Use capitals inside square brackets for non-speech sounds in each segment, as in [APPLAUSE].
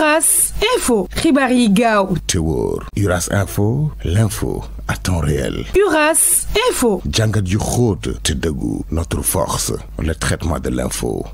Uras Info Ribari Gao Tewor. Uras Info l'info à temps réel Uras Info jàngat du notre force le traitement de l'info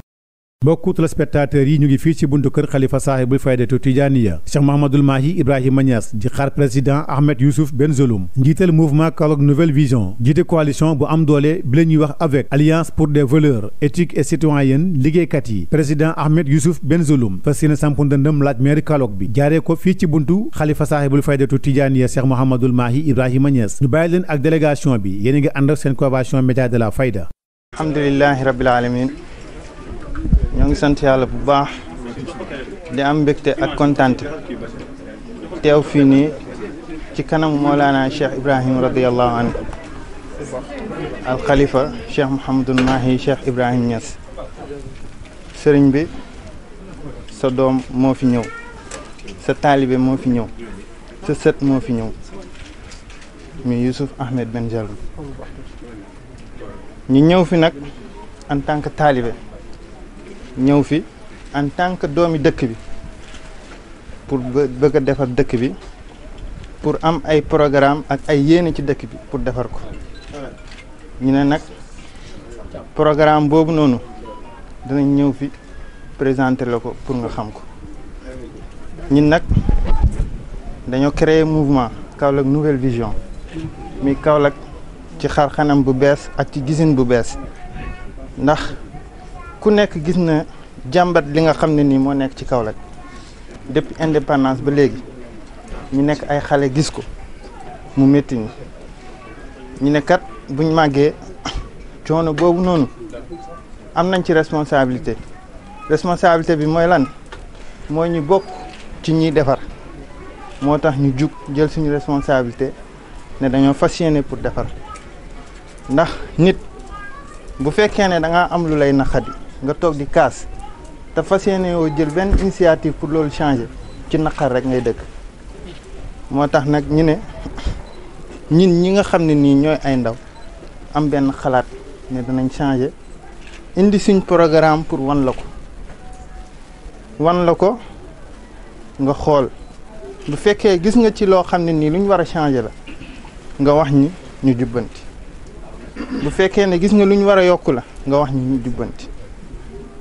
mbokku téléspectateurs yi ñu ngi fii ci buntu kër xalifa saahibul faydatu tijaniya cheikh mahamadul mahi ibrahima Niass di xaar président Ahmed Youssouf Bengelloune njiital mouvement Kaolack nouvelle vision jiite coalition bu am doole bi la ñuy wax avec alliance pour des valeurs éthiques et citoyennes liggéeykat yi président Ahmed Youssouf Bengelloune fas yéene samp ndëndëm laaj mairie Kaolack bi jaaree ko fii ci buntu xalifa saahibul faydatu tijaniya cheikh mahamadul mahi ibrahima Niass ñu bàyyi leen ak délégation bi yéen a ngi ànd ak seen convention média de la fayda alhamdulilahi rabbil alamin ñoo ngi sant yàlla bu baax di am mbégte ak kontaante teew fii nii ci kanamu Mawlana Cheikh Ibrahim radiyallahu anhu al xalifa Cheikh Mouhamadul Mahi Cheikh Ibrahim Niass sëriñ bi sa doom moo fi ñëw sa taalibe moo fi ñëw sa sët moo fi ñëw mi Youssouf Ahmed Ben Jalloun ñu ñëw fi nag en tant que taalibe ñëw fi en tant que doomi dëkk bi pour bëgg a defar dëkk bi pour am ay programme ak ay yéene ci dëkk bi pour defar ko ñu ne nag programme boobu noonu dinañ ñëw fi présenter la ko pour nga xam ko ñun nag dañoo créer mouvement Kaolack nouvelle vision mi Kaolack ci xar xanam bu bees ak ci gisin bu bees ndax ku nek gis na jambat li nga xamne ni mo nek nekk ci Kaolack depuis indépendance ba légui ñu nek ay xalé gis ko mu metti ñi ñu nek kat buñ maggé ciono [COUGHS] bobu non am nañ ci responsabilité responsabilité bi moy lan moy ñu bok ci ñi défar motax ñu juk jël suñu responsabilité ne dañoo fasiyéné put pour Nah ndax nit bu fekké ne da nga am lu lay nga toog di kaas dafa fas yéene woo jël benn initiative pour loolu changer ci naqar rek ngay dëkk moo tax nag ñu ne ñun ñi nga xam ne nii ñooy ay ndaw am benn xalaat ne danañ changer indi suñ programme pour wan la ko wan la ko nga xool bu fekkee gis nga ci loo xam ne nii lu ñu war a changer la nga wax ñi ñu jubbanti bu fekkee ne gis nga lu ñu war a yokk la nga wax ñi ñu jubbanti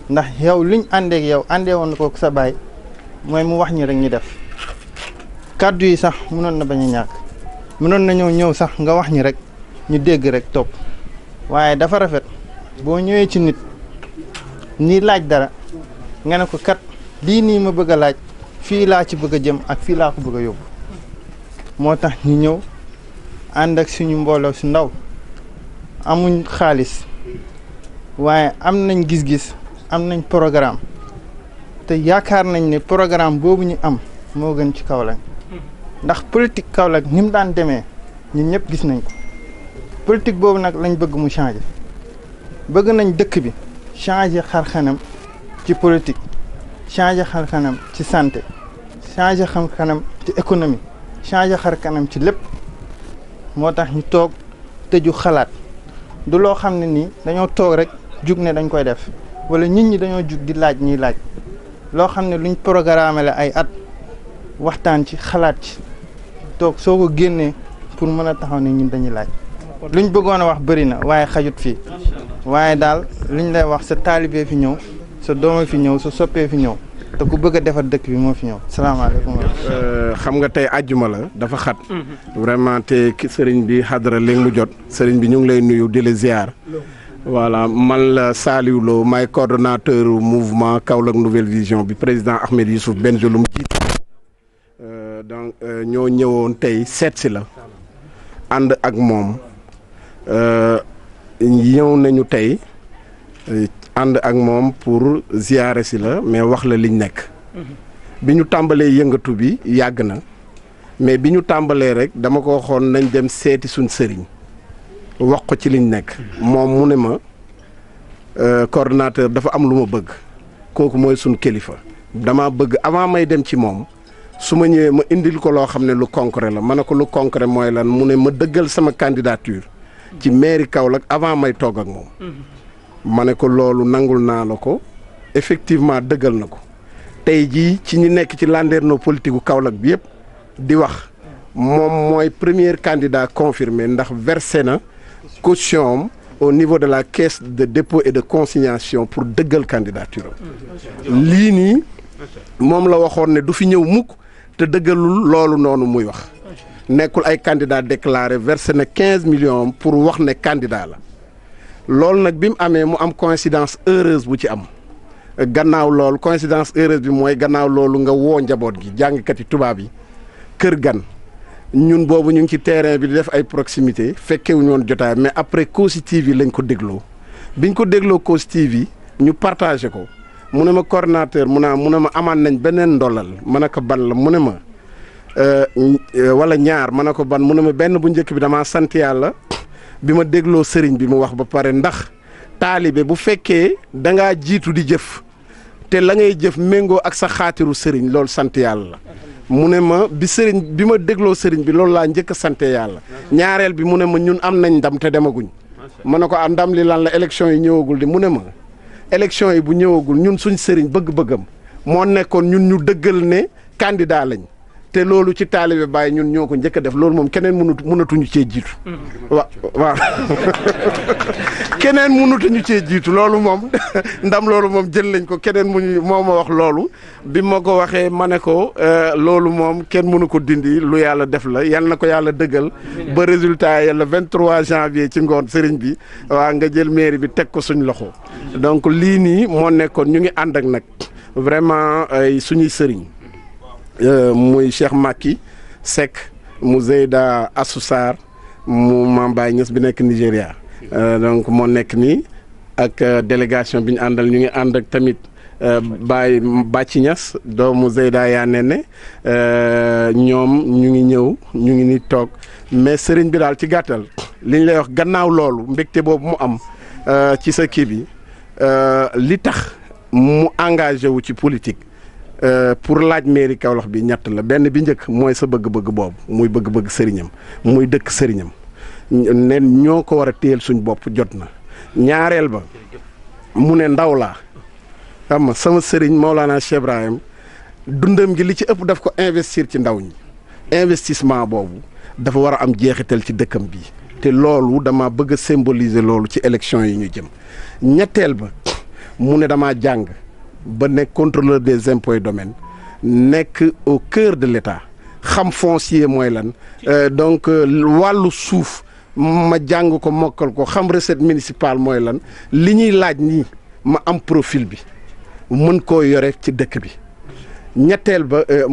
ndax yow liñ àndeek yow àndee woon ko sa baay mooy mu wax ñi rek ñu def kàddu yi sax mënoon na bañ a ñàkk mënoon na ñëw ñëw sax nga wax ñi rek ñu dégg rek topp waaye dafa rafet boo ñëwee ci nit nii laaj dara nga ne ko kat lii nii ma bëgg laaj fii laa ci bëgg a jëm ak fii laa ko bëgg a yóbbu moo tax ñu ñëw ànd ak suñu mbooloo si ndaw amuñ xaalis waaye am nañ gis-gis am nañ programme te yaakaar nañ ne programme boobu ñu am moo gën ci Kaolack ndax politique Kaolack ni daan demee ñun ñëpp gis nañ ko politique boobu nag lañ bëgg mu changer bëgg nañ dëkk bi changer xarxanam ci politique changer xarxanam ci santé changer xarxanam ci économie changer xarxanam ci lépp moo tax ñu toog tëju xalaat du loo xam ne nii dañoo toog rek jug ne dañ koy def wala nit ñi dañoo jug di laaj ñuy laaj loo xam ne luñ programme la ay at waxtaan ci xalaat ci toog soo ko génnee pour mën a taxaw ne ñun dañuy laaj luñ bëggoon a wax bëri na waaye xajut fii waaye daal liñ lay wax sa taalibee fi ñëw sa dooma fi ñëw sa soppee fi ñëw te ku bëgg a defar dëkk bi moo fi ñëw salaamaaleykum. Euh, xam nga tey àjjuma la dafa xat. vraiment te sëriñ bi xadara léegi mu jot. sëriñ bi ñu ngi lay nuyu di la ziar. voilà man la le Lo coordinateur mouvement Kaolack Nouvelle Vision bi président Ahmed Youssouf Bengelloum jiitu euh, donc euh, ñoo ñëwoon là. seet la ànd ak moom euh, ñëw nañu tay and ak mom pour ziaré si la mais wax la liñ nek biñu tambalé yëngatu bi yàgg na mais biñu tambalé rek dama ko waxoon nañ dem séti suñ sëriñ wax ko ci liñ nekk moom mu ne ma euh, coordonnateur dafa am lu ma bëgg kooku mooy suñ kilifa dama bëgg avant may dem ci moom su ma ñëwee ma indil ko loo xam ne lu concret la ma ne ko lu concret mooy lan mu ne ma dëggal sama candidature ci mairie Kaolack avant may toog ak moom ma ne ko loolu nangul naa la ko effectivement dëggal na ko tey jii ci ñi nekk ci landerneau politique gu Kaolack bi yëpp di wax moom mooy premier candidat confirmé ndax versé na caution au niveau de la caisse de dépôt et de consignation pour deux candidature Lini, lii nii la waxone du fi ñew mukk te dëggalul loolu nonu muy wax nekul ay candidat déclaré versé 15 millions pour wax ne candidat la ne bim bi amé mu am coïncidence heureuse bu ci am gannaaw coïncidence heureuse bi moy gannaaw loolu nga wo njaboot gi jàngkat yi tubaab yi kër gan ñun boobu ñu ngi ci terrain bi di def ay proximité fekkewuñu woon jotaay mais après Kossy TV lañ ko dégloo biñ ko dégloo Kossy TV ñu partagé ko mu ne ma coordonnateur mu naa mu ne ma amaan nañ beneen ndollal ma ne ko ban la mu ne ma euh, euh, wala ñaar ma ne ko ban mu ne ma benn bu njëkk bi damaa sant yàlla bi ma dégloo sëriñ bi mu wax ba pare ndax taalibe bu fekkee da ngaa jiitu di jëf te la ngay jëf méngoo ak sa xaatiru sëriñ loolu sant yàlla la mu ne ma bi sëriñ bi ma dégloo sëriñ bi loolu laa njëkk a sante yàlla ñaareel bi mu ne ma ñun am nañ ndam te demaguñ ma ne ko ah ndam li lan la élection yi ñëwagul di mu ne ma élection yi bu ñëwagul ñun suñ sëriñ bëgg-bëggam moo nekkoon ñun ñu dëggal ne candidat lañ te loolu ci taalibe Baay ñun ñoo ko njëkk def loolu moom keneen mënatu mënatuñu cee jiitu. Mm-hmm. wa waaw. [LAUGHS] keneen mënut ñu cee jiitu loolu moom [LAUGHS] ndam loolu moom jël nañ ko keneen mu ñu moo ma wax loolu bi ma ko waxee ma ne ko euh, loolu moom kenn mënu ko dindi lu yàlla def la yal na ko yàlla dëggal ba résultat yi le 23 janvier ci ngoon sëriñ bi waa nga jël mairie bi teg ko suñ loxo donc lii nii moo nekkoon ñu ngi ànd ak nag vraiment suñuy sëriñ euh, muy Cheikh Macky Seck mu Zeyda Assou Sarr mu Mame Baye bi nekk Nigéria. Euh, donc moo nekk nii ak euh, délégation bi ñu àndal ñu ngi ànd ak tamit euh, Baye Bàcci Ñas doomu Zeyda yaa ne ne ñoom ñu ngi ñëw ñu ngi ni toog mais sëriñ bi daal ci gàttal li ñu lay wax gannaaw loolu mbégte boobu mu am ci sa kii bi li tax mu engagé wu ci politique pour laaj mairie Kaolack bi ñett la benn bi njëkk mooy sa bëgg-bëgg boobu muy bëgg-bëgg sëriñam muy dëkk sëriñam ne ñoo ko war a téyel suñ bopp jot na ñaareel ba mu ne ndaw laa xam nga sama sëriñ laa Cheikh Ibrahim dundam gi li ci ëpp daf ko investir ci ndaw ñi investissement boobu dafa war a am jeexital ci dëkkam bi te loolu dama bëgg a symboliser loolu ci élection yi ñu jëm ñetteel ba mu ne damaa jàng ba nekk contrôleur des impôts et domaines nekk au cœur de l'État xam foncier mooy lan euh, donc euh, wàllu suuf ma jang ko mokal ko xam recette municipale lan liñuy laaj ni ma am profil bi mën ci bi ba euh,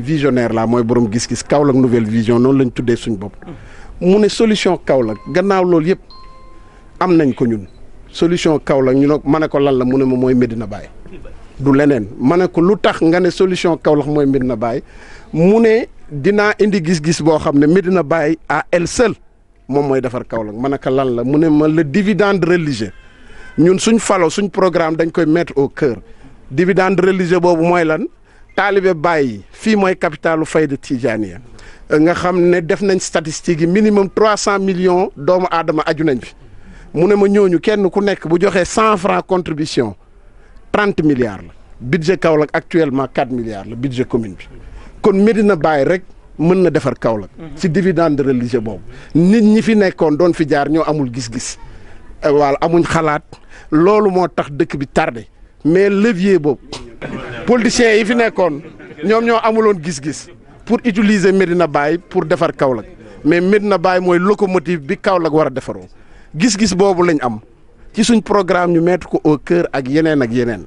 visionnaire. visionnaire suis un borom gis nouvelle vision non lañ visionnaire. suñ solution suis gannaaw visionnaire. yépp am nañ ko ñun solution un ñu Je ko lan la solution un visionnaire. Medina dina indi gis-gis bo xam Medina Baye à elle seule mom moy defar Kaolack manaka lan la mune ma le dividende religieux ñun suñ falo suñ programme dañ koy mettre au cœur dividende religieux bobu moy lan talibé Baye fi moy capitalu fayda Tijaaniya euh, nga def nañ statistique minimum 300 millions doomu adama aju nañ fi mune ma ñooñu kenn ku bu franc contribution 30 milliards la budget Kaolack actuellement 4 milliards le budget commune kon Medina Baye rek mën na defar Kaolack. Mhm. ci dividende religieux boobu. nit ñi fi nekkoon doon fi jaar ñoo amul gis-gis. Eh, waaw amuñ xalaat loolu moo tax dëkk bi tardé mais levier boobu politiciens yi fi nekkoon ñoom ñoo amuloon gis-gis pour utiliser Medina Baye pour defar Kaolack mais Medina Baye mooy locomotive bi Kaolack war a defaroo gis-gis boobu lañu am ci suñ programme ñu mettre ko au cœur ak yeneen ak yeneen.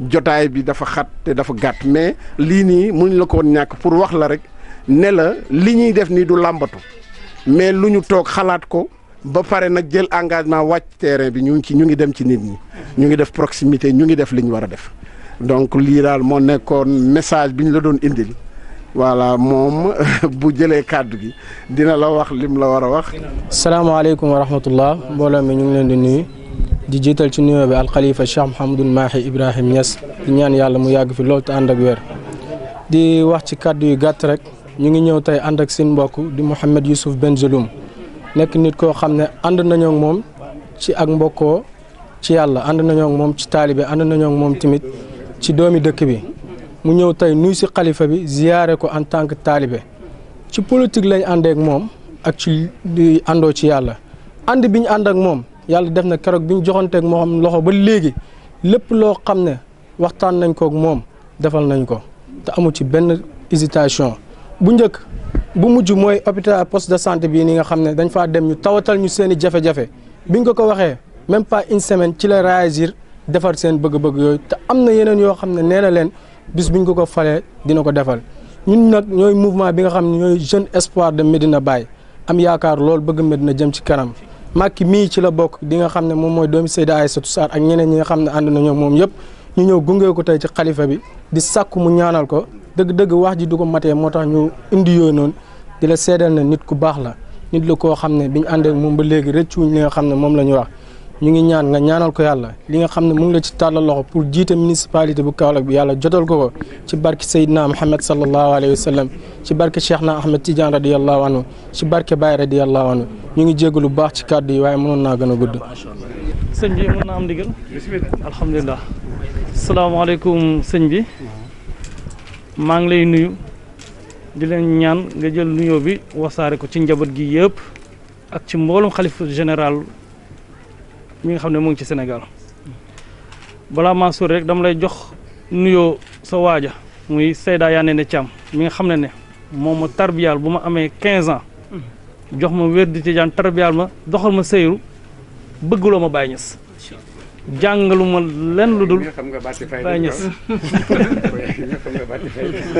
jotaay bi dafa xat te dafa gàtt mais lii nii mu la ñàkk pour wax la rek ne la li ñuy def nii du làmbatu mais lu ñu toog xalaat ko ba pare nag jël engagement wàcc terrain bi ñu ngi ci ñu ngi dem ci nit ñi. ñu ngi def proximité ñu ngi def li ñu war a def donc lii daal moo nekkoon message bi ñu la doon indil. voilà moom [LAUGHS] bu jëlee kàddu gi dina la wax lim la war a wax. salaamaaleykum wa rahmatullah mbooloo mi ñu ngi leen di nii di jiital ci nuyoo bi alxalifa Cheikh Mouhamadul Mahi Ibrahim Niass di ñaan yàlla mu yàgg fi loolu te ànd ak wér di wax ci kàddu yu gàtt rek ñu ngi ñëw tey ànd ak seen mbokk di Mouhamed Youssouf Bengelloune nekk nit koo xam ne ànd nañoo ak moom ci ak mbokkoo ci yàlla ànd nañoo ak moom ci taalibe ànd nañoo moom tamit ci doomi dëkk bi mu ñëw tey nuy si xalifa bi ziyaare ko en tant que taalibe ci politique lañ àndee moom ak ci di àndoo ci yàlla ànd bi ñu ànd ak moom. yàlla def na keroog bi ñu joxanteeg moom loxo ba léegi lépp loo xam ne waxtaan nañ kook moom defal nañ ko te amul ci benn hésitation bu njëkk bu mujj mooy hôpital poste de santé bii ni nga xam ne dañ faa dem ñu tawatal ñu seen i jafe bi biñ ko ko waxee même pas une semaine ci la réagir defar seen bëgg-bëgg yooyu te am na yeneen yoo xam ne nee na leen bis biñ ko ko falee dina ko defal ñun nag ñooy mouvement bi nga xam ne ñooy jeune espoir de Medina Baye am yaakaar lool bëgg Medina jëm ci kanam Macky mii ci la bokk dinga xam ne moom mooy doomi Seyda Aïssatou Sarr ak ñeneen ñi nga xam ne ànd nañoo moom yëpp ñu ñëw gunge ko tey ci xalifa bi di sàkku mu ñaanal ko dëgg-dëgg wax ji du ko matee moo tax ñu indi yooyu noonu di la seedal na nit ku baax la nit la koo xam ne biñ ànd ak moom ba léegi rëccuwuñ li nga xam ne moom la ñu wax ñu ngi ñaan nga ñaanal ko yàlla li nga xam ne mu ngi la ci tàllal loxo pour jiite municipalité bu Kaolack bi yàlla jotal ko ko ci barke Seydina Mohamed sallallahu alayhi wa sallam ci barke Cheikh na Ahmed Tidiane radiyallahu anhu ci barke baay Baye radiyallahu anhu ñu ngi jégg lu baax ci kàddu yi waaye mënoon naa gën a gudd. sëñ bi mën naa am ndigal alhamdulilah salaamaaleykum sëñ bi maa ngi lay nuyu di leen ñaan nga jël nuyoo bi wasaare ko ci njaboot gi yëpp ak ci mboolum xalif général. mi nga xam ne mu ngi ci Sénégal balaa maa sori rek dama lay jox nuyoo sa waaja muy Seyda Yandéné Thiam mi nga xam ne ne moom ma tarbiyaal bu ma amee 15 ans jox ma wér di ci ma doxal ma sëyru bëggloo ma Baye Niass ma lenn lu dul Baye Niass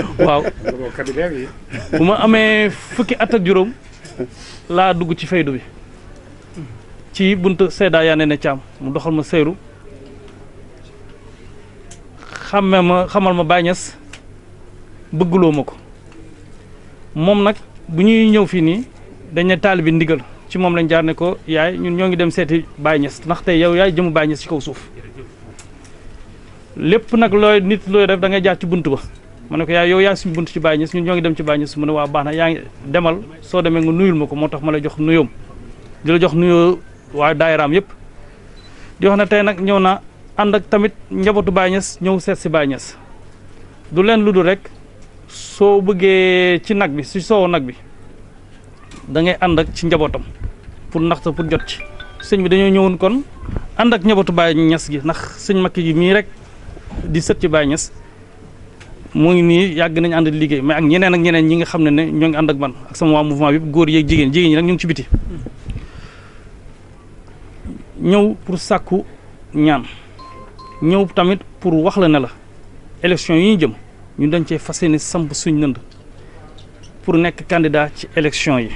[LAUGHS] waaw bu ma amee fukki at ak juróom laa dugg ci faydu bi ci buntu seeda ya nene cham mu doxal ma seeru xamé ma xamal ma bañas bëggulomako mom ko moom bu ñuy ñëw fi ni dañ né talibi ndigal ci mom lañ jaar ko yaay ñun ñoo ngi dem séti bañes nak tay yow yaay jëm bañes ci kaw suuf lepp nak loy nit loy def da ngay jaar ci buntu ba ma ko yaay yow yaay suñu ci bañes ñun ñoo ngi dem ci bañes mu ne wa baxna demal so démé nga nuyul mako ko ma jox nuyum jox nuyoo wa daayiram yep di wax ne tey nag ñëw na ànd ak tamit njabotu Baay ñew set ci si du len luddu rek so bëggee ci nak bi ci so nak bi da ngay and ak ci njabotam pour nak ndaxte pour jot ci señ bi dañu ñewun kon and ak njabotu Baay gi nak señ Makki gi mi rek di set ci Baay mo ngi ni yag nañ and liggéey mais ak ñeneen ak ñeneen ñi nga xamne ne ne ñoo ngi ànd ak man ak sama wa mouvement bi yëpp góor yeeg jigen jigéen ñi nag ñu ci biti ñëw pour sàkku ñaan ñëw tamit pour wax la ne la élection yi ñu jëm ñu dañ cee fas yéene samp suñ nënd pour nekk candidat ci élection yi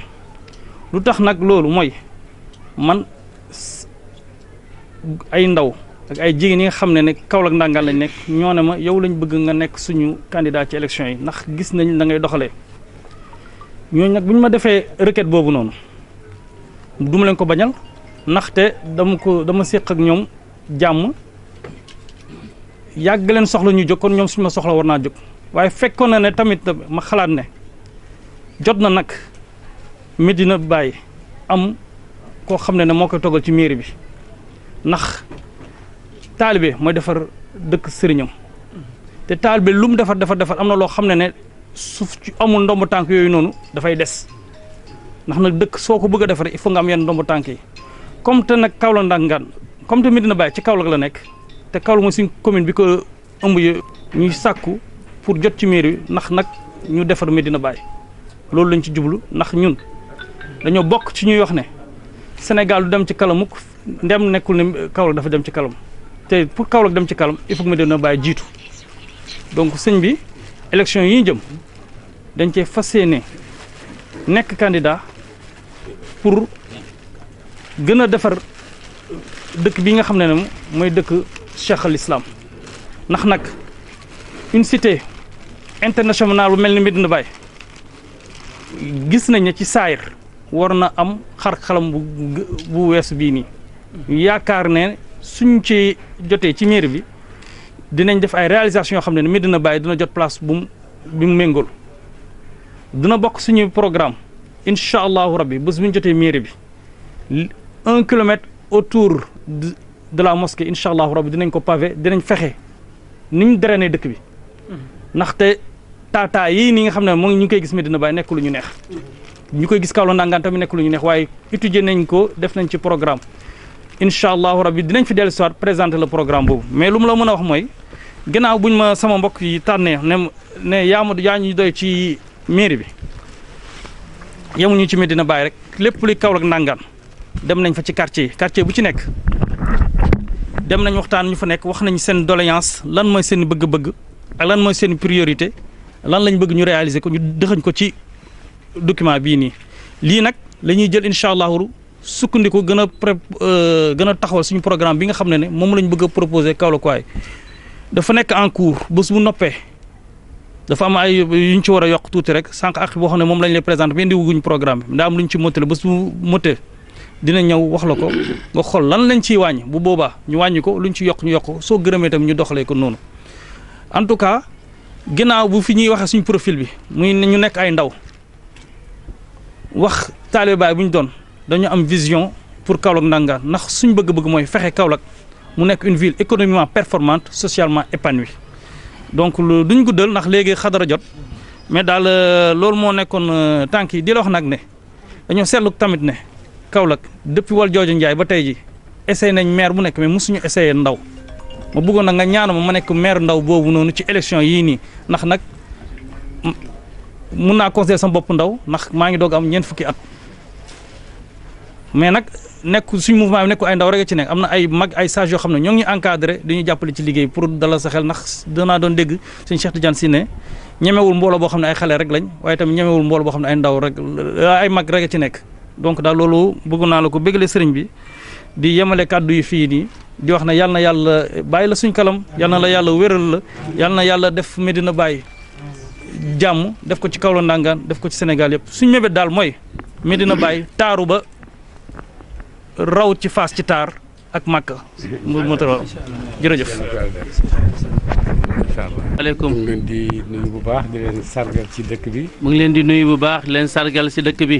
lu tax nag loolu mooy man ay ndaw ak ay jigéen yi nga xam ne ne Kaolack ndàngaan lañ nekk ñoo ne ma yow lañ bëgg nga nekk suñu candidat ci élection yi ndax gis nañ da ngay doxalee ñooñu nag bu ñu ma defee requête boobu noonu duma leen ko bañal naxté dama ko dama sékk ak ñom jamm yàgg leen soxla ñu jóg ñom suñu ma soxla warna jokk waye waaye fekkoon ne tamit ma xalaat ne jotna nak medina baye am ko xam ne moko togal ci mairie bi nax talibé moy defar dekk serignam te talibé lum defar defar defar am lo loo ne suuf ci amul ndomb tank yoy nonu da des dess nak dëkk soo bëgg defar il faut nga am yeen ndomb tank yi comme te nak kaw la ndangan comme te medina bay ci kaw la nek te kaw mo suñ commune bi ko ëmb yu sakku pour jot ci mairie nak nak ñu défar medina bay loolu lañ ci djublu nak ñun dañu bok ci ñuy wax ne sénégal du dem ci kalamuk ndem nekul ne kaw dafa dem ci kalam te pour kaw dem ci kalam il faut medina bay jitu donc seigne bi élection yi jëm dañ ci fassiyene nek candidat pour gën a defar dëkk bi nga xam ne ne mooy dëkk cheikh al islam ndax nag une cité internationale bu mel ni Medina Baye gis nañ ne ci saayir war na am xar-xalam bu bu weesu bii nii yaakaar ne suñ ci jotee ci mairie bi dinañ def ay réalisation yoo xam ne ne Medina bàyyi dina jot place bu bi mu méngool dina bokk suñu programme incha allahu rabbi bés bu ñu jotee mairie bi 1 km autour de, la mosquée inshallah allahu rabbi dinañ ko pavé dinañ fexé niñ ñu drainer dëkk bi ndaxte tata yi ni nga xamné mo ngi ñu koy gis Medina bay nekk lu ñu neex ñu koy gis Kaolack ndangan tamit nekk lu ñu neex waye étudier nañ ko def nañ ci programme inshallah allahu rabbi dinañ fi dellu soir présenter le programme boobu mais lu mu la mëna wax moy gannaaw buñ ma sama mbokk yi tànnee né ne yaa ma ñu doy ci mairie bi ñu ci Medina bay rek lepp luy Kaolack ndangaan dem nañ fa ci quartier quartier bu ci nekk dem nañ waxtaan ñu fa nekk wax nañ seen doléance lan mooy seen bëgg-bëgg ak lan mooy seen priorité lan lañ bëgg ñu réaliser ko ñu dëxañ ko ci document bii nii. lii nag lañuy jël incha allahu sukkandiku gën a pré euh, gën a taxawal suñu programme bi nga xam ne ne moom lañu bëgg a proposer Kaolack waay dafa nekk en cours bés bu noppee. dafa am ay yu ñu ci war a yokk tuuti rek sànq ak boo xam ne moom lañ lay présenté bi ndaa am lu ñu ci mottale bés bu mottee dina ñëw wax la ko nga xool lan lañ ciy wàññ bu boobaa ñu wàññi ko lu luñ ci yokk ñu yokk soo gërëmee tamit ñu doxalee ko noonu en tout cas ginnaaw bu fi ñuy waxee suñu profil bi muy ñu nekk ay ndaw wax taalibe baay bu ñu doon dañu am vision pour Kaolack ndangaan ndax suñu bëgg-bëgg mooy fexe Kaolack mu nekk une ville économiquement performant socialement épanouie donc duñ guddal ndax léegi xadara jot mais daal euh, loolu moo nekkoon euh, tànk yi di la wax nag ne dañoo seetlu tamit ne. Kaolack depuis Valdiodio njaay ba tey ji essayé nañ maire bu nekk mais suñu essayé ndaw ma bëggoon nag nga ñaanu ma ma nekk maire ndaw boobu noonu ci élection yii nii ndax nag mun naa considérer sama bopp ndaw ndax maa ngi doog am ñeent fukki at mais nag nekku suñu mouvement bi nekk ay ndaw rek ci am na ay mag ay sage yoo xam ne ñoo ngi encadré dañuy jàppale ci liggéey pour dalal sa xel ndax danaa doon dégg suñ Cheikh Tidiane si ne ñemewul mbooloo boo xam ne ay xale rek lañ waaye tamit ñemewul mbooloo boo xam ne ay ndaw rek ay mag rek ci nekk donc daal loolu bëgg naa la ko bëggale sëriñ bi di yemale kàddu yi fii nii di wax ne yàlla na yàlla bàyyi la suñ kalam yàlla la yàlla wéral la yàlla na yàlla def Medina bàyyi jàmm def ko ci Kaolack ndàngaan def ko ci senegal yëpp suñ mebet daal mooy Medina bàyyi taaru ba raw ci faas ci taar ak màkk mu mu jërëjëf. bu baax di leen dëkk bi. mu ngi leen di nuyu bu baax leen sargal ci dëkk bi.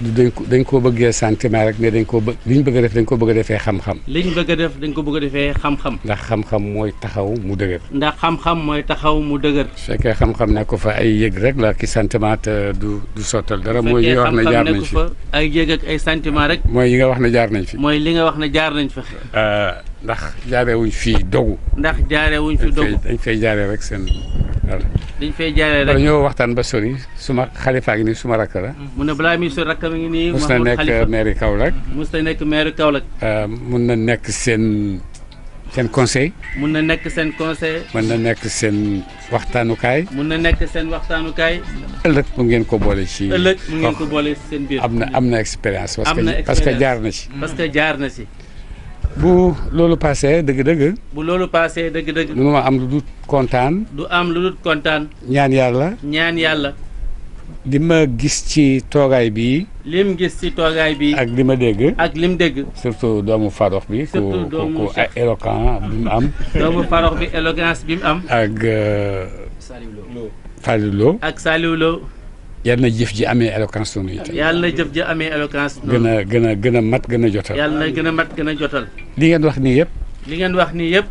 dañ ko dañ koo bëggee sentiment rek ne dañ koo bëgg liñ bëgg def dañ ko bëgg a defee xam-xam. liñ a def dañ ko bëgg defee xam-xam. ndax xam-xam mooy taxaw mu dëgër. ndax xam-xam mooy taxaw mu dëgër. su fekkee xam-xam ne ko fa ay yëg rek la ki sentiment du du sottal dara. mooy yi nga wax ne jaar nañ fi ay yëg ay sentiment rek. mooy yi nga wax ne jaar nañ fi. mooy li nga wax ne jaar nañ fi. Euh, ndax jaaree wuñ fii dogu. ndax jaarewuñ fi dogu dañ fay jaare rek seen waaw. dañ fay jaaree rek ñoo waxtaan ba sori suma xalifaa ngi nii suma rakk la. Mm-hmm. mu ne balaa mi sori rakk mi ngi nii. Mahmoud Khalifa mm-hmm. mus na nekk maire Kaolack. mus na nekk maire Kaolack. mun na nekk seen seen conseil. mun na nekk seen conseil. mën na nekk seen waxtaanukaay. mun na nekk seen waxtaanukaay. ëllëg mu ngeen ko boole ci. ëllëg mu ngeen ko boole seen biir. am na am na expérience. parce que jaar na ci. Mm-hmm. parce que jaar na ci. bu loolu paasee dëgg-dëgg. bu loolu paasee dëgg-dëgg. du ma am lu dul kontaan. du am lu kontaan. ñaan yàlla. ñaan yàlla. li ma gis ci toogaay bi lim gis ci toogaay bi ak li ma dégg. ak lim dégg. surtout doomu farox bi. surtout doomu ku ku bi mu am. doomu farox bi éloquence bi mu am. ak. Euh, Saliou ak Saliou yàlla na jëf ji amee éloquence sunu itam. yàlla na jëf ji amee éloquence. gën a gën a gën a mat gën a jotal. yàlla na gën a mat gën a jotal. li ngeen wax nii yëpp. li ngeen wax nii yëpp.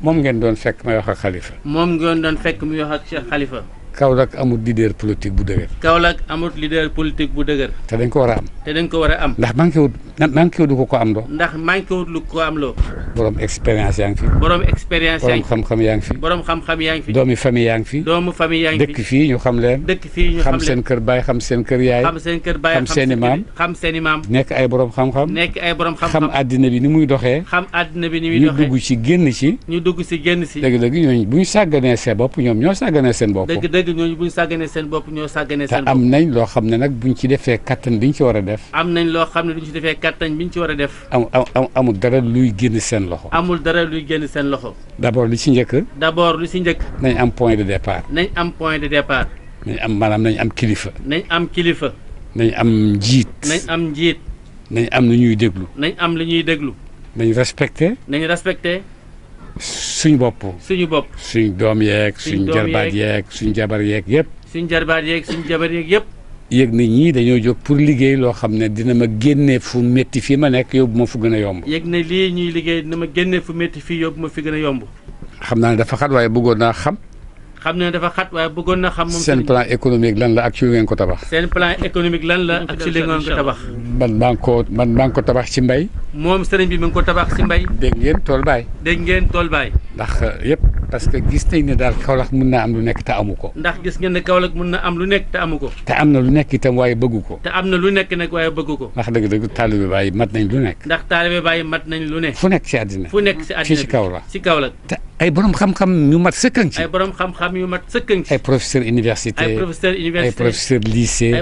moom ngeen doon fekk may wax ak xalifa. moom ngeen doon fekk muy wax ak Cheikh Xalifa. Kaolack amul leader politique bu dëgër. Kaolack amul leader politique bu dëgër. te dañ ko war a am. te dañ ko war a am. ndax manqué wut manqué wut ko ko am loo. ndax manqué wut lu ko am loo. borom expérience yaa ngi fi. borom xam-xam yaa ngi fi. xam yaa ngi fi. doomi famille yaa ngi fi. doomu famille yaa ngi fi dëkk fii ñu xam leen. xam seen kër baay xam seen kër yaay. xam seen kër baay xam seen i maam nekk ay borom xam-xam. xam-xam bi ni muy doxee. xam àddina bi ni muy doxee ñu dugg ci génn ci. ñu dugg ci génn ci. dëgg-dëgg bu ñu sàgganee seen bopp ñoom ñoo sàgganee seen bopp. que ñooñu bu ñu sàgganee seen bopp ñoo sàgganee seen bopp te am nañ loo xam ne nag buñ ci defee kattan biñ ci war a def am nañ loo xam ne duñ ci defee kattan biñ ci war a def am amul dara luy génn seen loxo amul dara luy génn seen loxo d'abord lu ci njëkk d'abord lu ci njëkk nañ am point de départ nañ am point de départ nañ am maanaam nañ am kilifa nañ am kilifa nañ am njiit nañ am njiit ñuy déglu nañ am lu ñuy déglu nañ respecté nañ respecté suñ bopp. suñu bopp suñ doom yeeg. suñ jarbaat yeeg suñ jabar yeeg yëpp. suñ jarbaat yeeg suñ jabar yeeg yëpp. yëg na ñii dañoo jóg pour liggéey loo xam ne dina ma génne fu metti fii ma nekk yóbbu ma fu gën a yomb. yëg na lii ñuy liggéey dina ma génnee fu métti fii yóbbu ma fi gën a yomb. xam naa ne dafa xat waaye bëggoon naa xam. xam ne dafa xat waaye bëggoon na xam. moom seen plan économique lan la ak ci li ngeen ko tabax. seen plan économique lan la ak ci li ngeen ko tabax. man maa ko tabax ci mbay. moom sëriñ bi mi ngi ko tabax ci mbay. dégg ngeen tool baay. dégg ngeen tool baay. ndax uh, yëpp parce que gis nañ ne daal Kaolack mun naa am lu nekk te amu ko. ndax gis ngeen ne Kaolack mun na am lu nekk te amu ko. te am na lu nekk itam waaye bëggu ko. te am na lu nekk nag waaye bëggu ko. ndax dëgg-dëgg taalibe baay mat nañ lu nekk. ndax taalibe baay mat nañ lu fu nekk ci àddina. fu nekk ci àddina bi fii ci Kaolack. ci Kaolack ay borom xam-xam yu mat sëkkang ci. ay borom xam-xam yu mat sëkkang ci. ay professeur université ay professeur université lycée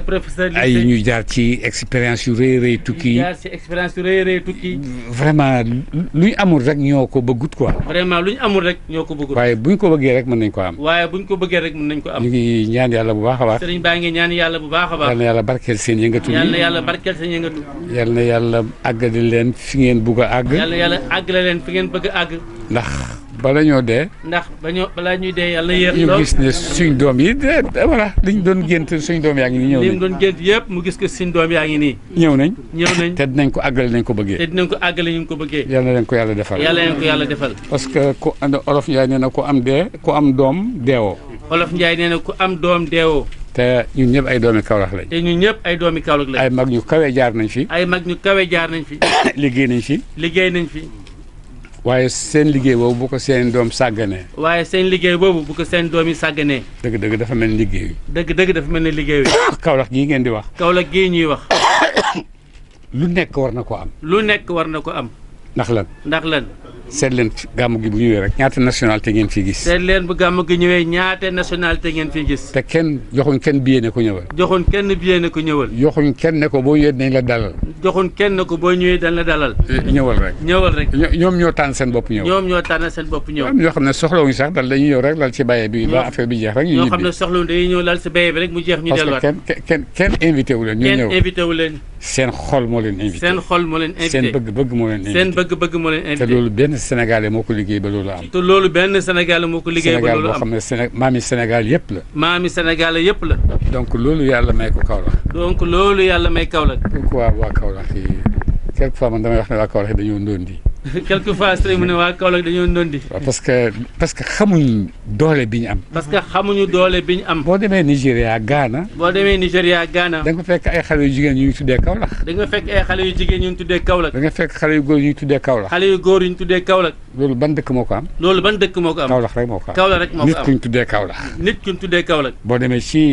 ay ñu jaar ci expérience yu rëy rëy tukki yi. jaar ci vraiment luñ amul rek ñoo ko bëggut quoi. vraiment luñ amul rek ñoo ko bëggut. waaye buñ ko bëggee rek mën nañ ko am. waaye buñ ko bëggee rek mën nañ ko am. ñu ngi ñaan yàlla bu baax a baax. baa ngi ñaan yàlla bu baax a baax. yal na yàlla barkeel seen yëngatu. yal na yàlla barkeel leen fi ngeen bëgg a àgg. yal leen ngeen bëgg àgg. ndax bala ñoo dee. ndax ba ñoo balaa ñuy dee yàlla yéex lool ñu gis ne suñ doom yi de voilà liñ doon gént suñ doom yaa ngi nii ñëw nañ. doon gént yëpp mu gis ko suñ doom yaa ngi nii. ñëw nañ. ñëw nañ te dinañ ko àggale nañ ko bëggee. te dinañ ko àggale nañ ko bëggee. yàlla nañ ko yàlla defal yàlla nañ defal. parce que ku olof Ndiaye nee na ku am dee ku am doom deewoo. olof Ndiaye nee na ku am doom deewoo. te ñun ñëpp ay doomi Kaolack lañ. te ñu ñëpp ay doomi Kaolack lañ. ay mag ñu kawe jaar nañ fi. ay mag ñu kawe jaar nañ fi. [COUGHS] liggéey nañ fi. liggéey nañ fi. waaye seen liggéey boobu bu ko seen doom sàgganee. waaye seen liggéey boobu bu ko seen doom yi sàgganee. dëgg-dëgg dafa mel ni liggéey. dëgg-dëgg dafa mel ni liggéey. [COUGHS] Kaolack gii ngeen di wax. Kaolack gii ñuy wax. [COUGHS] lu nekk war na ko am. lu nekk war na ko am. ndax lan. ndax lan. seet leen gàmm gi bu ñëwee rek ñaata nationalité ngeen fi gis. seet leen bu gàmm gi ñëwee ñaata nationalité ngeen fi gis. te kenn joxuñ kenn billet ne ko ñëwal. joxuñ kenn billet ne ko ñëwal. joxuñ kenn ne ko boo ñëwee dinañ la dalal. joxuñ kenn ne ko boo ñëwee dañ la dalal. ñëwal rek ñëwal rek. ñoom ñoo tànn seen bopp ñëw. ñoom ñoo tànn seen bopp ñëw. am ñoo xam ne soxlawuñ sax dal dañuy ñëw rek lal ci bàyyee bi ba affaire bi jeex rek. ñu ñibbi ñoo xam ne soxlawuñ dañuy ñëw lal ci bàyyee bi rek mu jeex ñu delluwaat parce leen ñu ñëw سين خول مولين انفيتي سين خول مولين انفيتي سين بغ بغ مولين انفيتي سين بغ بغ مولين انفيتي تلول بن السنغال موكو ليغي بلولو ام تلول بن السنغال موكو ليغي بلولو ام مامي السنغال ييب لا مامي السنغال ييب لا دونك لولو يالا مايكو كاولا دونك لولو يالا ماي كاولا كوا وا كاولا كي كيلك فام دا ماي واخني لا كاولا دا نيو نوندي [LAUGHS] quelquefois sëriñ mu ne waa Kaolack dañoo ndondi. waaw parce que parce que xamuñ doole bi ñu am. parce que xamuñu doole bi ñu am. boo demee Nigéria gaana boo demee Nigéria Ghana. da nga fekk ay xale yu jigéen ñu ngi tuddee Kaolack. da nga fekk ay xale yu jigéen ñu ngi tuddee Kaolack. da nga fekk xale yu góor yu ñu tuddee Kaolack. xale yu góor yu ñu tuddee Kaolack. loolu ban dëkk moo ko am. loolu ban dëkk moo ko am. Kaolack rek moo ko am Kaolack nit ku ñu tuddee Kaolack. nit ku ñu tuddee Kaolack. boo demee ci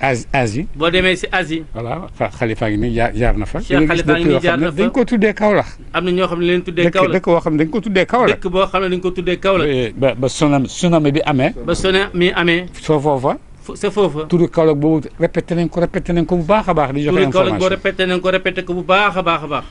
as as boo demee si asi yi. voilà xalifa ngi nii jaar jaar na fa. Cheikh xalifa ngi nii jaar na fa am na ñoo xam ne leen tuddee Kaolack dëkk boo xam ne dañ ko tuddee Kaolack. dëkk boo xam ne dañ ko tuddee Kaolack. Eh, ba ba tsunami tsunami bi amee. ba tsunami mi amee. soo foofa. sa foofa. turu Kaolack boobu répété nañ ko répété nañ ko bu baax a baax. di joxe information turu Kaolack boobu ko répété ko bu baax a baax a baax.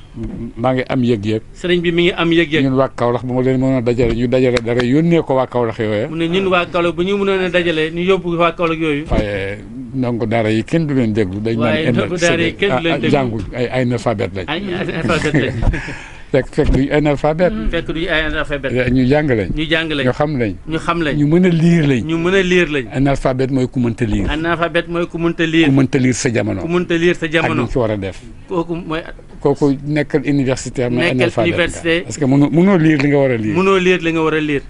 maa ngi am yëg-yëg. sëriñ bi mi ngi am yëg-yëg. ñun waa Kaolack bu ma leen mënoon ñu dajale dara yónnee ko waa Kaolack yooya. mu ne ñun waa Kaolack bu ñu mënoon a dajale ñu yóbbu waa Kaolack yooyu. waaye ndongo daara yi kenn du leen déglu. dañ naan indépendance waaye ndongo daara yi kenn du leen ah, ah, déglu jàngul ay ay analphabète lañ. ay analphabète lañ. [LAUGHS] fekk fekk duñu analphabète. Mm. fekk duñu ay analphabète. Eh, ñu jàng lañ. ñu jàng lañ ñu xam lañ. ñu xam lañ ñu mën a liir lañ. ñu a liir lañ. analphabète mooy ku mënta liir. analphabète mooy ku mënta liir. ku mënta liir sa jamono. ku mënta liir sa jamono ak ñu ci war a def. kooku mooy. universitaire. mooy analphabète parce que mënoo liir li nga war a liir. mënoo liir li nga war a liir.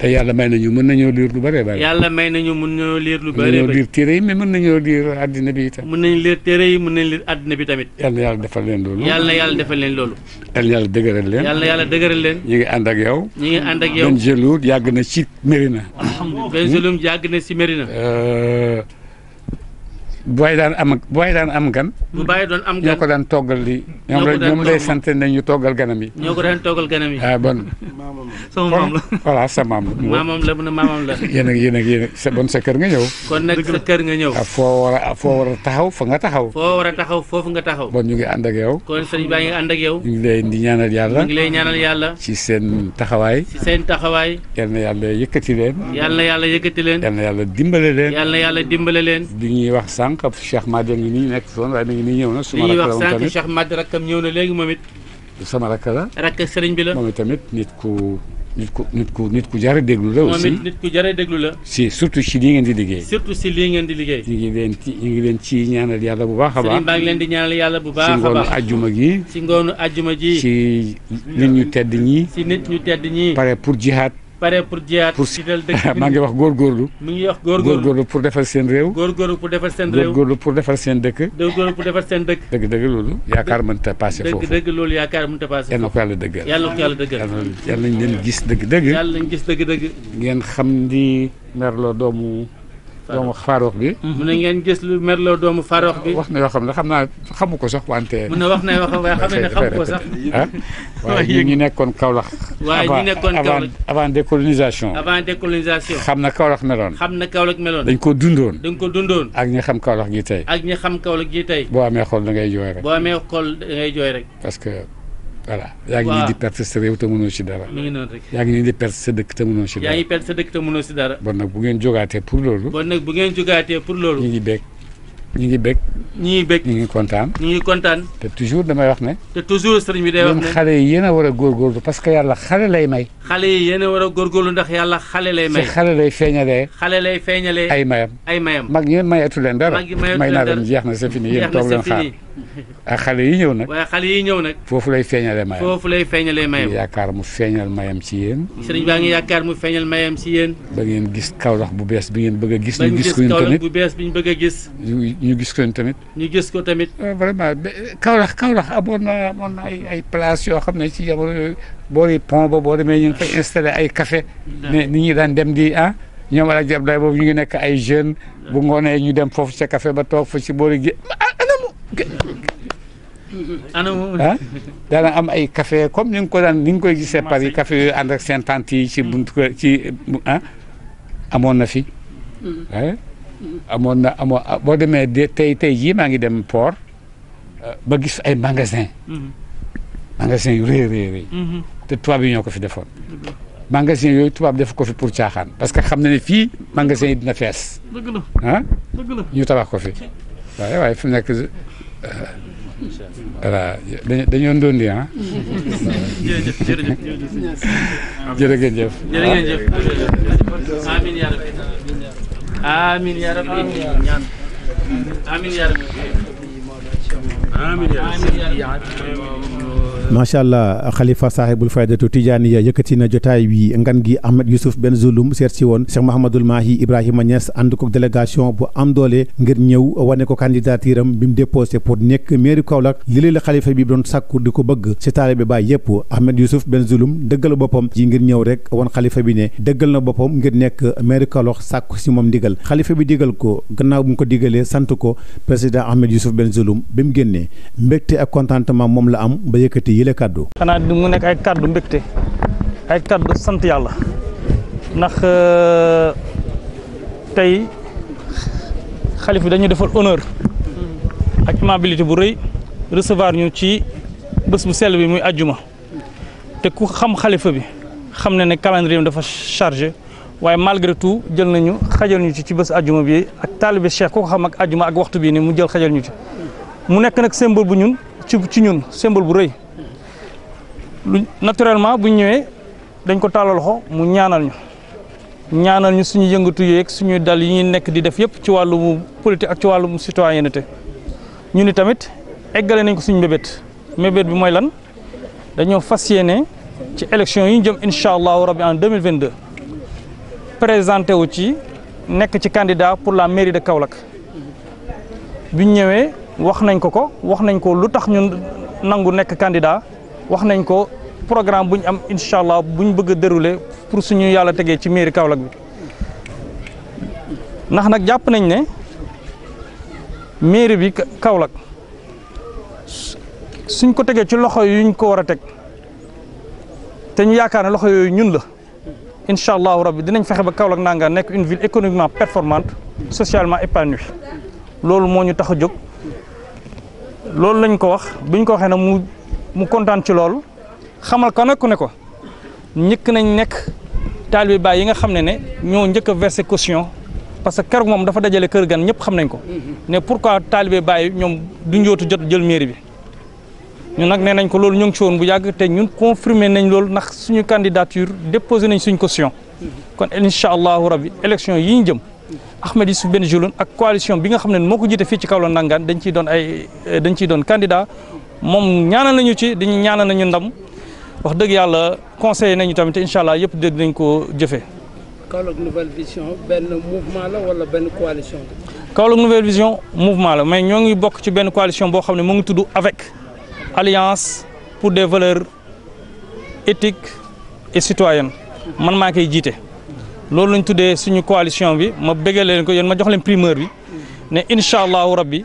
te yàlla may nañu mën nañoo liir lu bare bëri. yàlla may nañu mën nañoo liir lu bëree bëri mën nañoo liir téere yi mais mën nañoo liir àddina bi itam. mën nañu liir yi mën nañu liir àddina bi tamit. yàlla na yàlla defal leen loolu. yàlla na yàlla defal leen loolu. yàlla na yàlla dëgëral leen. yàlla ñu ngi ànd ak yow. ñu ngi ànd ak yow Ben yàgg na ci Mérina. alhamdulilah Ben Jelloun yàgg na ci Mérina. Euh, booy daan am bu waaye daan am gan. bu bàyyi doon am gan ñoo ko daan toggal lii. ñoo ko ñoom lay sant nañu toggal ganam yi. ñoo ko daan toggal ganam yi. ah bon. sama maam la voilà sa maam la. maamam la mu ne maamam la. [LAUGHS] yéen ak yéen ak yéen sa bon sa kër nga ñëw. kon nag sa kër nga ñëw. Ah, foo war a foo war taxaw fa nga taxaw. foo war a taxaw foofu nga taxaw. bon ñu ngi ànd ak yow. kon sëñ baa ngi ak yow. ñu ngi lay di ñaanal yàlla. ñu ngi yàlla. ci seen taxawaay. ci seen taxawaay. yal na yàlla yëkkati leen. yal na yàlla yëkkati leen. yal na yàlla dimbale leen. yal na yàlla dimbale leen. bi ñuy wax sànq sànq Cheikh Madi a ngi nii bi la moom tamit nit ku. nit ku nit ku nit ku jar la aussi moom nit ku jar a déglu la. si surtout si lii ngeen di liggéey. surtout si lii ngeen di liggéey. ñu ngi leen ci ñu ngi leen ci ñaanal yàlla bu baax a baax. sëriñ a ngoonu ajjuma ji. si nit ñu tedd ñi. pare pour jihaat. pare pour jiyaat ci dal dëkk bi [LAUGHS] maa ngi wax góorgóorlu mu ngi wax góorgóorlu pour defar seen réew góorgóorlu pour defar seen réew góorgóorlu pour defar seen dëkk góorgóorlu pour defar seen dëkk dëgg dëgg loolu yaakaar mënta passé foofu dëgg dëgg loolu yaakaar mënta passé yàlla na ko yàlla dëggal yàlla na ko yàlla dëggal yàlla nañ leen gis dëgg dëgg yàlla nañ gis dëgg dëgg ngeen xam di merloo doomu doomu Faroox bi. mu mm-hmm. ne ngeen gis lu merloo doomu Faroox bi. wax na yoo xam ne xam naa xamu ko sax wante. wax na yoo xam ne xam ne xamu ko sax. [LAUGHS] Ah? nekkoon Kaolack. waaye ñi nekkoon Kaolack avant avant décolonisation. xam na Kaolack meloon. xam na Kaolack meloon. dañ ko dundoon. dañ ko dundoon. ak ñi xam Kaolack gi tey. xam Kaolack gi tey. boo amee xol da ngay jooy rek. boo amee rek. parce que. voilà yaa ngi nii di perte sa réew te si dara. mu ngi noonu rek yaa ngi nii di perte sa dëkk te si dara. yaa bon nag bu ngeen jógaatee pour loolu. bon nag bu ngeen jógaatee pour loolu. ñu ngi ñu ngi bég. ñu ngi bég ñu ngi kontaan. ñu ngi kontaan. te toujours damay wax ne. te toujours sëriñ bi day wax ne xale yi yéen a war a góorgóorlu parce que yàlla xale lay may. xale yi yéen a war a góorgóorlu ndax yàlla xale lay may. te xale lay feeñalee. xale lay feeñalee. ay mayam ay mayam. mag ñi mayatu leen dara. mag yi mayatu may naa leen jeex na c'est fini yéen toog leen xaar. ak xale yi ñëw nag. waaye xale yi ñëw nag. foofu lay feeñalee mayam foofu lay feeñalee mayam. yaakaar mu feeñal mayam ci yéen. sëriñ baa ngi yaakaar mu feeñal mayam ci yéen. ba ngeen gis kawlax bu bees bi ngeen bëgg a gis. ñu gis ko yéen tamit bu bees bi ñu bëgg a gis. ñu gis ko tamit. ñu gis ko tamit. Euh, vraiment euh, Kaolack Kaolack amoon na amoon na ay ay place yoo xam ne si jamono yooyu boori pont ba boo demee ñu ngi fay installé ay kafe ne nit ñi daan dem di ah ñoom El Hadj boobu ñu ngi nekk ay jeunes. bu ngoonee ñu dem foofu ca café ba toog fa ci boori gi ah, anamu ah daana am ay café comme ni ko daan ni nga koy gisee Paris café yooyu ànd ak seen tante yi ci mm. buntu ci ah amoon na fi. Mm. amoon na amoo ah, boo demee tey tey jii maa ngi dem port ah, ba ay magasin mhm. magasin yu rëy rëy mhm. te tubaab yi ñoo ko fi defoon magasin yooyu tubaab def ko fi pour caaxaan parce que xam na ne fii magasin yi dina fees ah ñu tabax ko fi waaye waaye fi mu nekk ah [LAUGHS] amin ya rabbi amin ya rabbi amin ya rabbi macha allah xalifa saahibul faydatu tijaaniya yëkkati na jotaay wi ngan gi Ahmed Youssouf Ben Zulum seet si woon Cheikh Mahamadul Mahi Ibrahima Niass ànd ko délégation bu am doole ngir ñëw wane ko candidature am bi mu déposé pour nekk mairie Kaolack li leen xalifa bi doon sàkku di ko bëgg si taalibe baay yëpp Ahmed Youssouf Ben Zulum dëggal boppam ji ngir ñëw rek wan xalifa bi ne dëggal na boppam ngir nekk mairie Kaolack sàkku si moom ndigal xalifa bi digal ko gannaaw bu mu ko digalee sant ko président Ahmed Youssouf Ben Zulum bi mu génnee mbégte ak contentement moom la am ba yëkkati yële kàddu xanaa di mu nekk ay kàddu mbégte ay kàddu sant yàlla ndax euh, tey xalifa bi dañu defal honneur ak amabilité bu rëy recevoir ñu ci bés bu sell bi muy ajjuma te ku xam xalifa bi xam ne ne calendrier dafa chargé waaye malgré tout jël nañu xajal ñu ci ci bés ajjuma bi ak taalibe cheikh ku ko xam ak ajjuma ak waxtu bii ni mu jël xajal ñu ci mu nekk nag symbole bu ñun ci ci ñun symbole bu rëy lu naturellement bu ñëwee dañ ko tàllal loxo mu ñaanal ñu ñaanal ñu suñu yëngatu yeeg suñu dal yi ñuy nekk di def yëpp ci wàllum politique ak ci wàllu wàllum citoyenneté ñu ni tamit eggale nañ ko suñu mbébét mbébét bi mooy lan dañoo fas yéene ci élection yi ñu jëm incha allahu rabbi en 2022 présenté wu ci nekk ci candidat pour la mairie de Kaolack biñ ñëwee wax nañ ko ko wax nañ ko lu tax ñun nangu nekk candidat wax nañ ko programme bu ñu am incha allah bu ñu bëgg a dérouler pour suñu yàlla tegee ci mairie Kaolack bi ndax nag jàpp nañ ne mairie bi Kaolack suñ ko tegee ci loxo yuñ ko war a teg te ñu yaakaar ne loxo yooyu ñun la incha allahu bi dinañ fexe ba Kaolack nanga nekk une ville économiquement performante socialement épanouie loolu moo ñu tax a jóg loolu lañ ko wax buñ ko waxee na mu mu kontaan ci loolu. xamal ka nag ku ne ko njëkk nañ nekk taalibe Baay yi nga xam ne ne ñoo njëkk a versé parce que keroog moom dafa dajale kër gan ñëpp xam nañ ko mhm. ne pourquoi taalibe Baay ñoom du njootu jot jël mairie bi ñun nag nee nañ ko loolu ñoo ngi ci woon bu yàgg te ñun confirmé nañ loolu ndax suñu candidature déposé nañ suñ caution mhm. kon incha allahu rabbi élection yi ñu jëm su benn Bengelloune ak coalition bi nga xam ne moo ko jiite fii ci Kaolack nangaan dañ ciy doon ay dañ ciy doon candidat moom ñaanal nañu ci dañu ñaanal nañu ndam wax deug yalla conseil nañu tamit Nouvelle Vision Quelle mouvement la coalition. Nouvelle Vision mouvement mais nous ngi coalition avec alliance pour des valeurs éthiques et citoyennes man ne sais pas loolu lañ tuddé suñu coalition bi ma leen ko yeen ma primeur bi rabbi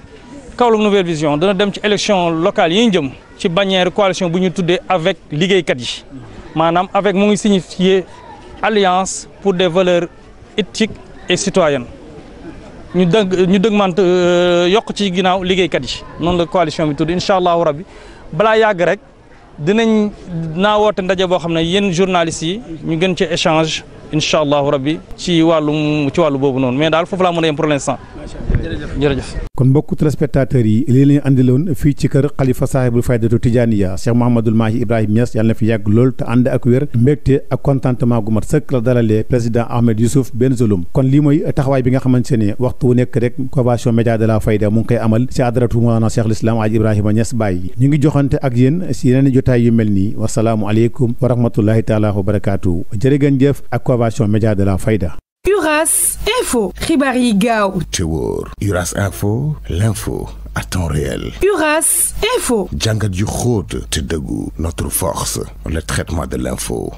Nouvelle Vision Nous dem ci élection locale ci bannière coalition bu ñu avec kat yi manam avec mo ngi signifier alliance pour des valeurs éthiques et citoyennes ñu dëgg ñu dëgmant euh, yok ci liguey kat yi la coalition bi tudd Inshallah, allahu rabbi balaa yàgg rek dinañ na wote ndaje bo xamné journalistes yi ñu gën ci échange incha allahu rabbi ci wàllum ci wàllu boobu noonu mais daal foofu laa mën a yem pour l'instant jërëjëf kon mbokku téléspectateurs yi lii la ñu àndiloon fii ci kër xalifa saahibul faydatu tijaaniya cheikh mahamadul maahi ibrahima Niass yàlla na fi yàgg lool te ànd ak wér mbégte ak contentement gu mat sëkk la dalalee président Ahmed Youssouf Bengelloune kon lii mooy taxawaay bi nga xamante ne waxtu wu nekk rek convention média de la fayda mu ngi koy amal si adratu maanaam cheikh l'islam aj ibrahima Niass Baye ñu ngi joxante ak yéen si yeneen jotaay yu mel nii wasalaamu aleykum wa rahmatullahi taala wa barakaatu jërëgën jëf ak Innovation Média de la Faïda. URAS Info, Ribari Gao. Tchewor, URAS Info, l'info à temps réel. URAS Info. Djangadjou Khod, Tedegou, notre force, le traitement de l'info.